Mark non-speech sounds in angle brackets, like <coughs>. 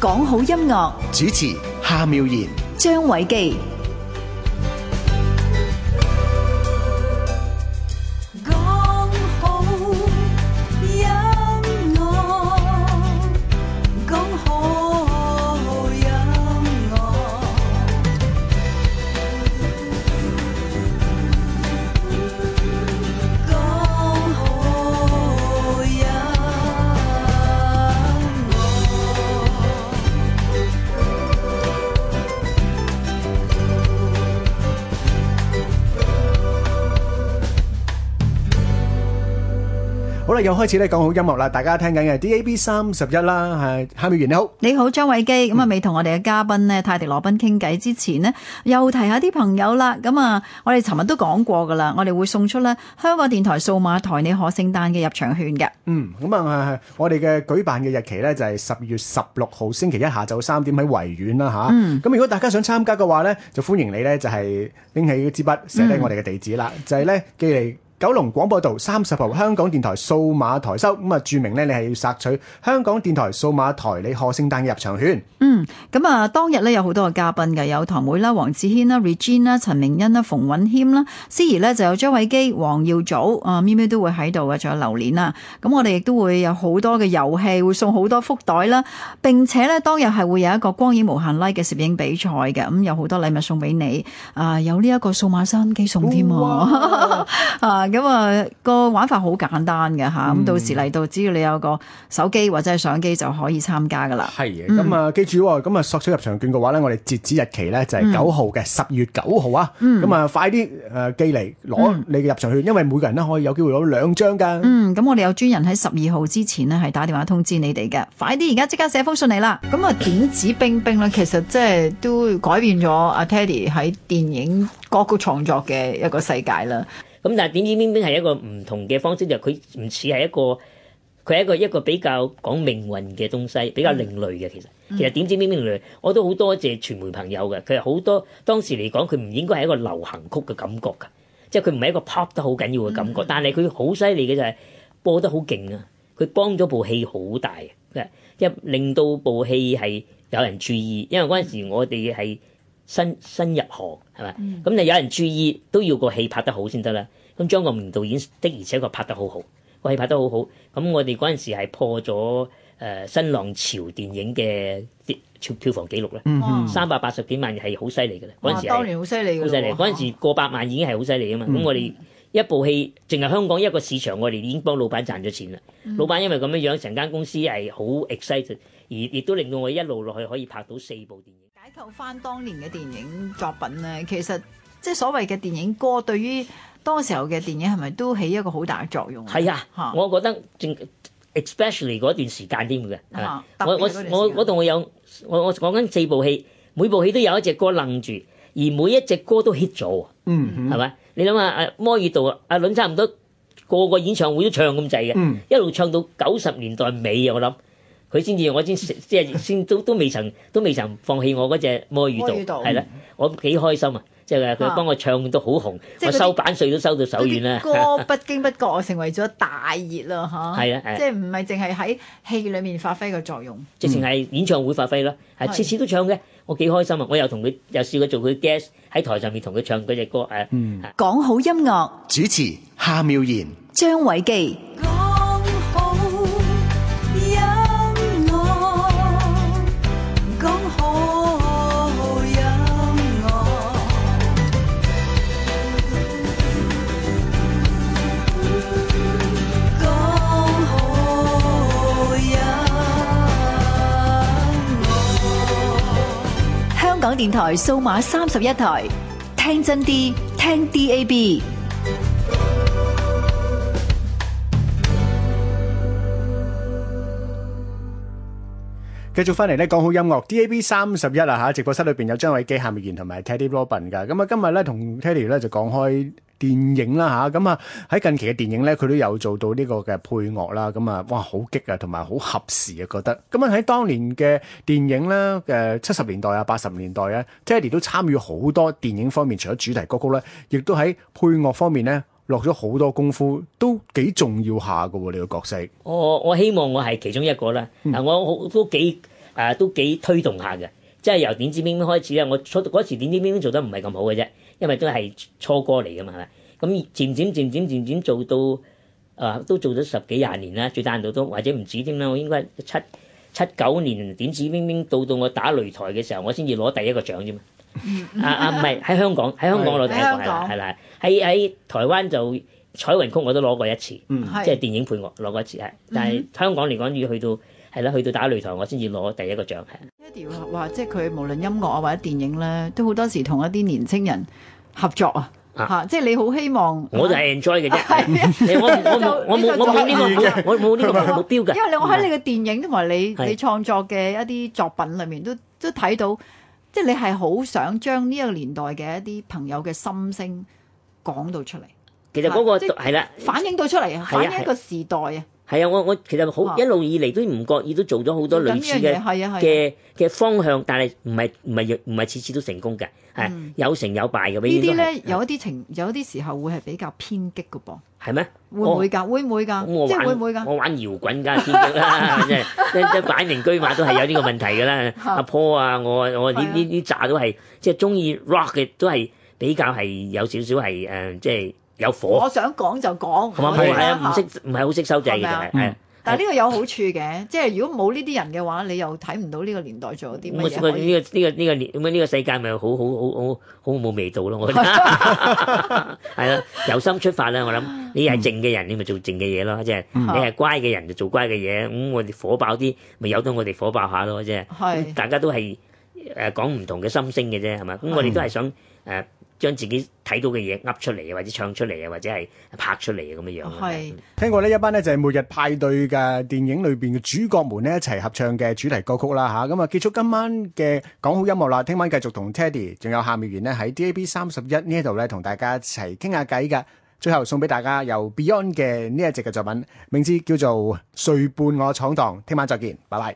講好音樂，主持夏妙然、張偉記。好啦，又開始咧講好音樂啦！大家聽緊嘅 DAB 三十一啦，係夏妙賢，你好，你好，張偉基。咁啊，未同我哋嘅嘉賓咧泰迪羅賓傾偈之前呢，嗯、又提一下啲朋友啦。咁啊，我哋尋日都講過噶啦，我哋會送出呢香港電台數碼台你可聖誕嘅入場券嘅。嗯，咁啊，我哋嘅舉辦嘅日期呢，就係十月十六號星期一下晝三點喺維園啦吓，咁、啊嗯、如果大家想參加嘅話呢，就歡迎你、嗯就係、呢，就係拎起支筆寫低我哋嘅地址啦。就係呢基利。九龍廣播道三十號香港電台數碼台收咁啊！注明咧，你係要索取香港電台數碼台你賀聖誕嘅入場券。嗯，咁啊，當日咧有好多嘅嘉賓嘅，有堂妹啦、黃子謙啦、Regine 啦、陳明恩啦、馮允謙啦，司儀呢，就有張偉基、黃耀祖啊，咪咪都會喺度嘅，仲有榴蓮啦。咁、啊嗯、我哋亦都會有好多嘅遊戲，會送好多福袋啦，並且呢，當日係會有一個光影無限 like 嘅攝影比賽嘅，咁有好多禮物送俾你啊！有呢一個數碼收音機送添啊！哇 <laughs> 咁啊，個玩法好簡單嘅吓，咁、嗯、到時嚟到，只要你有個手機或者係相機就可以參加噶啦。係咁的、嗯、啊，記住咁啊，索取入場券嘅話咧，我哋截止日期咧就係九號嘅十月九號啊，咁、嗯、啊，快啲誒寄嚟攞你嘅入場券，嗯、因為每個人都可以有機會攞兩張噶。嗯，咁我哋有專人喺十二號之前呢係打電話通知你哋嘅，快啲而家即刻寫封信嚟啦。咁啊， <coughs> 點指兵兵咧，其實即係都改變咗阿 Teddy 喺電影歌曲創作嘅一個世界啦。咁、嗯、但係點指兵兵係一個唔同嘅方式，就佢唔似係一個，佢係一個一個比較講命運嘅東西，比較另類嘅其實。其實點指兵兵嚟，我都好多謝傳媒朋友嘅。佢好多當時嚟講，佢唔應該係一個流行曲嘅感覺㗎，即係佢唔係一個 pop 得好緊要嘅感覺。但係佢好犀利嘅就係播得好勁啊！佢幫咗部戲好大，即係令到部戲係有人注意。因為嗰陣時我哋係。新新入行係咪？咁就、嗯嗯、有人注意，都要個戲拍得好先得啦。咁張國明導演的而且確拍得好好，個戲拍得好好。咁我哋嗰陣時係破咗誒、呃、新浪潮電影嘅票房紀錄啦，三百八十幾萬係好犀利㗎啦。嗰陣時好犀利，好犀利。嗰陣時過百萬已經係好犀利啊嘛。咁我哋一部戲淨係香港一個市場，我哋已經幫老闆賺咗錢啦。嗯、老闆因為咁樣樣，成間公司係好 excited，而亦都令到我一路落去可以拍到四部電影。扣翻當年嘅電影作品咧，其實即係所謂嘅電影歌，對於當時候嘅電影係咪都起一個好大嘅作用？係啊，我覺得，especially 嗰段時間添嘅。我我我度我有我我講緊四部戲，每部戲都有一隻歌愣住，而每一隻歌都 hit 咗、嗯。嗯，係咪？你諗下阿摩爾道阿倫差唔多個個演唱會都唱咁滯嘅，嗯、一路唱到九十年代尾啊！我諗。佢先至，我先即係先都都未曾都未曾放棄我嗰隻魔與道，係啦，我幾開心啊！即係佢幫我唱到好紅，我收版稅都收到手軟啦。歌不經不覺， <laughs> 我成為咗大熱咯嚇，係啊！即係唔係淨係喺戲裏面發揮個作用，直情係演唱會發揮咯，係次次都唱嘅，我幾開心啊！我又同佢又試過做佢嘅 guest 喺台上面同佢唱嗰隻歌，誒、嗯、講好音樂主持夏妙然張偉基。香港電台數碼三十一台，聽真啲聽 DAB。繼續翻嚟咧，講好音樂 DAB 三十一啦吓！直播室裏邊有張偉基、夏美賢同埋 Teddy Robin 噶。咁啊，今日咧同 Teddy 咧就講開。電影啦吓，咁啊喺、嗯、近期嘅電影咧，佢都有做到呢個嘅配樂啦，咁啊哇好激啊，同埋好合時啊，覺得咁啊喺當年嘅電影啦，誒七十年代啊八十年代啊 Teddy 都參與好多電影方面，除咗主題歌曲咧，亦都喺配樂方面咧落咗好多功夫，都幾重要下噶、啊、你個角色。我我希望我係其中一個啦，嗱、嗯、我好都幾誒、呃、都幾推動下嘅，即係由點知邊邊開始啊。我初嗰時點子邊做得唔係咁好嘅啫。因為都係初哥嚟噶嘛，咁漸，漸漸漸漸漸漸做到，誒、啊、都做咗十幾廿年啦，最打唔到都或者唔止添啦，我應該七七九年點指兵兵到到我打擂台嘅時候，我先至攞第一個獎啫嘛、 <laughs> 啊。啊啊唔係喺香港，喺香港攞第一個係是是啦，喺喺台灣就彩雲曲我都攞過一次，是即係電影配樂攞過一次，但係香港嚟講要去到係啦，去到打擂台我先至攞第一個獎。話即係佢無論音樂啊或者電影咧，都好多時同一啲年青人合作啊吓！即係你好希望，我就係 enjoy 嘅啫。我冇我冇呢個目標嘅。因為你我喺你嘅電影同埋你你創作嘅一啲作品裏面，都都睇到，即係你係好想將呢一個年代嘅一啲朋友嘅心聲講到出嚟。其實嗰個係啦，反映到出嚟，反映一個時代啊。係啊，我我其實好一路以嚟都唔覺意都做咗好多類似嘅嘅嘅方向，但係唔係唔係唔係次次都成功嘅，係有成有敗嘅。呢啲咧有一啲情，有一啲時候會係比較偏激嘅噃。係咩？會唔會㗎？會唔會㗎？即係會唔會㗎？我玩搖滾㗎，偏激啦，即係即係擺明車馬都係有呢個問題㗎啦。阿坡啊，我我呢呢呢扎都係即係中意 rock 嘅，都係比較係有少少係誒即係。有火，我想講就講，唔係唔識，唔係好識收制嘅，但係呢個有好處嘅，即係如果冇呢啲人嘅話，你又睇唔到呢個年代做啲乜嘢。呢個呢個呢個呢個呢個世界咪好好好好好冇味道咯，我覺得係啦，由心出發啦，我諗你係正嘅人，你咪做正嘅嘢咯，即係你係乖嘅人就做乖嘅嘢，咁我哋火爆啲，咪由到我哋火爆下咯，即係大家都係誒講唔同嘅心聲嘅啫，係嘛？咁我哋都係想誒。將自己睇到嘅嘢噏出嚟啊，或者唱出嚟啊，或者係拍出嚟啊，咁嘅樣。係，聽過咧一班呢就係《末日派對》嘅電影裏邊嘅主角們呢一齊合唱嘅主題歌曲啦吓。咁、嗯、啊，結束今晚嘅講好音樂啦。聽晚繼續同 Teddy，仲有夏妙園呢喺 D A B 三十一呢度呢，同大家一齊傾下偈噶。最後送俾大家由 Beyond 嘅呢一隻嘅作品，名字叫做《誰伴我闖蕩》。聽晚再見，拜拜。